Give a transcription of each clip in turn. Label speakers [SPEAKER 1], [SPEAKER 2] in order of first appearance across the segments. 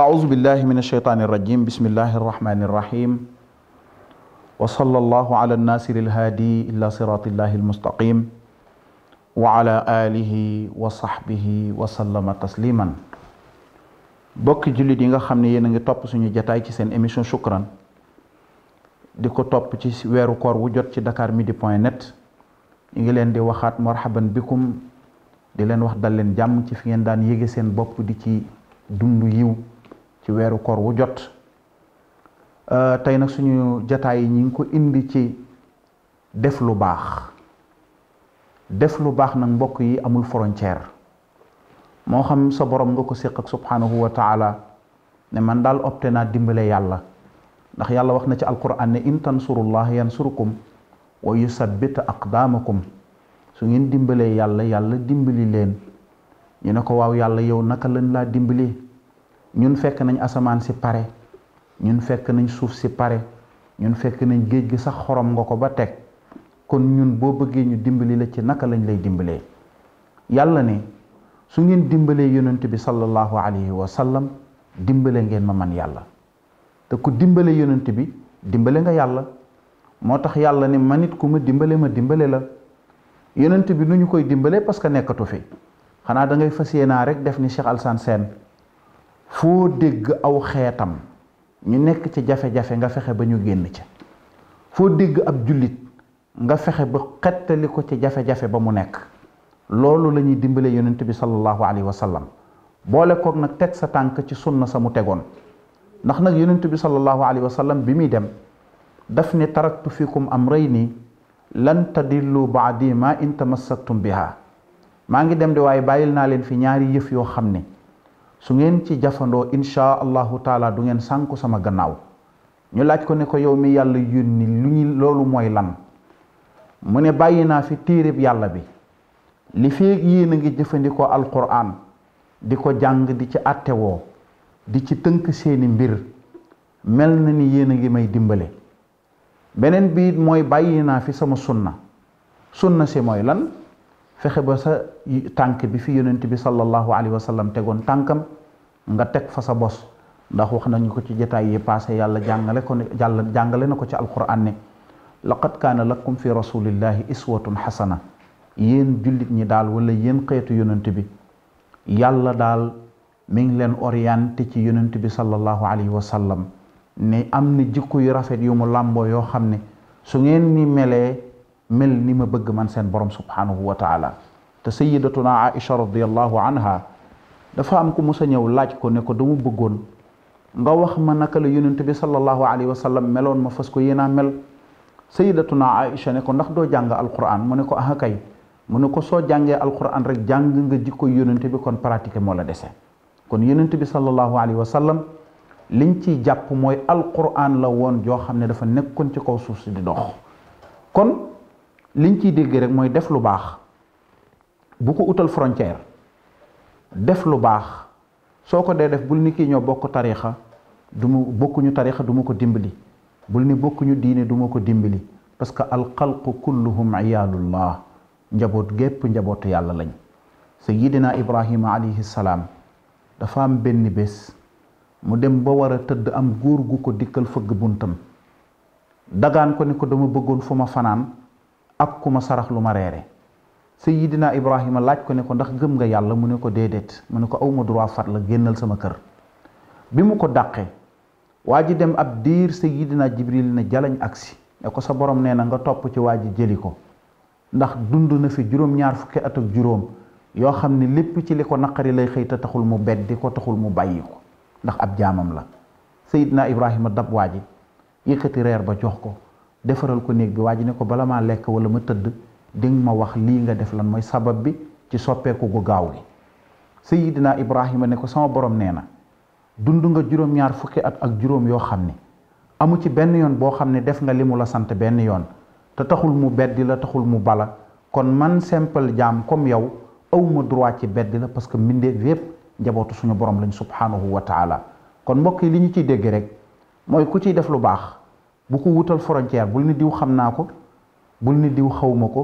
[SPEAKER 1] أعوذ بالله من الشيطان الرجيم بسم الله الرحمن الرحيم وصلى الله على الناصر الهادي إلى صراط الله المستقيم وعلى آله وصحبه وسلم تسليما bokki jullit yi nga xam ne yéen a ngi topp suñu jataay ci seen émission Shukran di ko topp ci weeru koor wu jot ci dakar midi point net ñu ngi leen di waxaat marhaban bikum di leen wax dal leen jàmm ci fi ngeen daan yéege seen bopp di ci dund yiw ci weeru koor wu jot euh, tey nag suñu jataay yi ñi ngi ko indi ci def lu baax def lu baax nag mbokk yi amul frontière moo xam sa borom nga ko séq ak subhanahu wa ne man daal opté naa dimbale yàlla ndax yàlla wax na ci alquran ne in tansurullah yansurukum wa yusabbit aqdaamakum su ngeen dimbale yàlla yàlla dimbali leen ñu ne ko waaw yàlla yow naka lañ laa dimbali ñun fekk nañ asamaan si pare ñun fekk nañ suuf si pare ñun fekk nañ géej gi sax xorom nga ko ba teg kon ñun boo bëggee ñu dimbali la ci naka lañ lay dimbalee yàlla ne su ngeen dimbalee yonent bi sallallahu alayhi sallam dimbale ngeen man yàlla te ku dimbale yonent bi dimbale nga yàlla moo tax yàlla ne man it ku ma dimbale ma dimbale la yonent bi nu ñu koy dimbalee parce que nekkatu fi xanaa dangay ngay fas yéenaa rek def ni Cheikh Alassane Sène foo dégg aw xeetam ñu nekk ci jafe-jafe nga fexe ba ñu génn ca foo dégg ab jullit nga fexe ba xettali ko ci jafe-jafe ba mu nekk loolu lañuy ñuy dimbale yonent bi sallallahu alayhi wa sallam boole koog nag teg sa tànk ci sunna sa mu tegoon ndax nag yonent bi sallallahu alayhi wa sallam bi muy dem daf ne taraktu fikum amrayni lan tadillu baadi ma in tamassaktum biha maa ngi dem de waaye bàyyil naa leen fi ñaari yëf yoo xam ne su ngeen ci jafandoo insha allahu du ngeen sànku sama gannaaw ñu laaj ko ne ko yow mi yàlla yónni lu ñu loolu mooy lan mu ne bàyyi naa fi téereb yàlla bi li feeg yéen a ngi jëfandikoo alquran di ko jàng di ci àttewoo di ci tënk seeni mbir mel na ni yéen a ngi may dimbale beneen bi mooy bàyyi naa fi sama sunna sunna si mooy lan fexe ba sa tànk bi fi yonent bi sallallahu alayhi wa tegoon tànkam nga teg fa sa bos ndax wax nañu ko ci jotaay yi passé yàlla jàngale ko yàlla jàngale na ko ci alquran ne laqad kaana lakum fi rasulillahi iswatun xasana yéen jullit ñi daal wala yéen xeetu yonent bi yàlla daal mi ngi leen orienté ci yonent bi sallallahu alayhi wa sallam ne am na jikko yu rafet yu mu làmboo yoo xam ne su ngeen ni melee mel ni ma bëgg man seen borom subhanahu wa taala te sayidatuna aïcha radiallahu anha dafa am ku musa ñëw laaj ko ne ko dama bëggoon nga wax ma naka la yonent bi sallallahu alayhi wa meloon ma fas ko yéenaa mel sayidatuna aïcha ne ko ndax doo jàng alquran mu ne ko aha kay mu ne ko soo jàngee alquran rek jàng nga jikko yonent bi kon pratiqué moo la dese kon yonent bi sallallahu alayhi wa sallam liñ ciy jàpp mooy alquran la woon joo xam ne dafa nekkoon ci kaw suuf si di dox liñ ciy dégg rek mooy def lu baax bu ko utal frontière def lu baax soo ko dee def bul ni kii ñoo bokk tarixa du bokkuñu tarixa duma ko dimbali bul ni bokkuñu diine duma ko dimbali parce que alxalqu kulluhum iyaalullah njaboot gépp njabootu yàlla lañ sayidina ibrahima alayhi salaam dafa am benn bés mu dem ba war a tëdd am góor gu ko dikkal fëgg buntam dagaan ko ni ko dama bëggoon fu ma fanaan ak ku ma sarax lu ma reere sayidina ibrahima laaj ko ne ko ndax gëm nga yàlla mu ne ko déedéet mu ne ko awma droit fat la génnal sama kër bi mu ko dàqee waa ji dem ab diir sayidina jibril na jalañ agsi ne ko sa borom nee na nga topp ci waa ji jëli ko ndax dund na fi juróom-ñaar fukki at ak juróom yoo xam ne lépp ci li ko naqari lay xëy te taxul mu beddi ko taxul mu bàyyi ko ndax ab jaamam la sayidina ibrahima dab waa ji yëkkati reer ba jox ko defaral ko néeg bi waa ji ne ko bala maa lekk wala ma tëdd dinga ma wax lii nga def lan mooy sabab bi ci soppeeku gu gaaw li gi sayidina ibrahima ne ko sama boroom nee na dund nga juróom-ñaar fukki at ak juróom yoo xam ne amu ci benn yoon boo xam ne def nga li mu la sant benn yoon te taxul mu beddi la taxul mu bala kon man simple jaam comme yow awma droit ci beddi la parce que mbindeef yépp njabootu suñu borom lañ subhaanahu wa taala kon mbokk yi li ñu ciy dégg rek mooy ku ciy def lu baax bu ko wutal frontière bul ni diw xam naa ko bul ni diw xawuma ko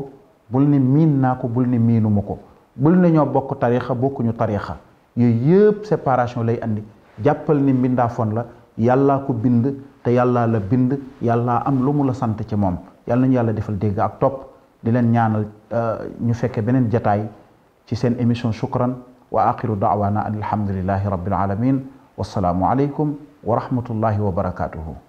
[SPEAKER 1] bul ni miin naa ko bul ni miinuma ko bul ni ñoo bokk tariixa bokkuñu tariixa yooyu yëpp séparation lay andi jàppal ni mbindaafoon la yàllaa ko bind te yàllaa la bind yàllaa am lu mu la sant ci moom yalla nañu yàlla defal dégg ak topp di leen ñaanal euh, ñu fekke beneen jataay ci seen émission shukran wa axiru daawaana an alhamdulillahi rabbil alamin wassalaamu aleykum wa rahmatullahi wa barakatuhu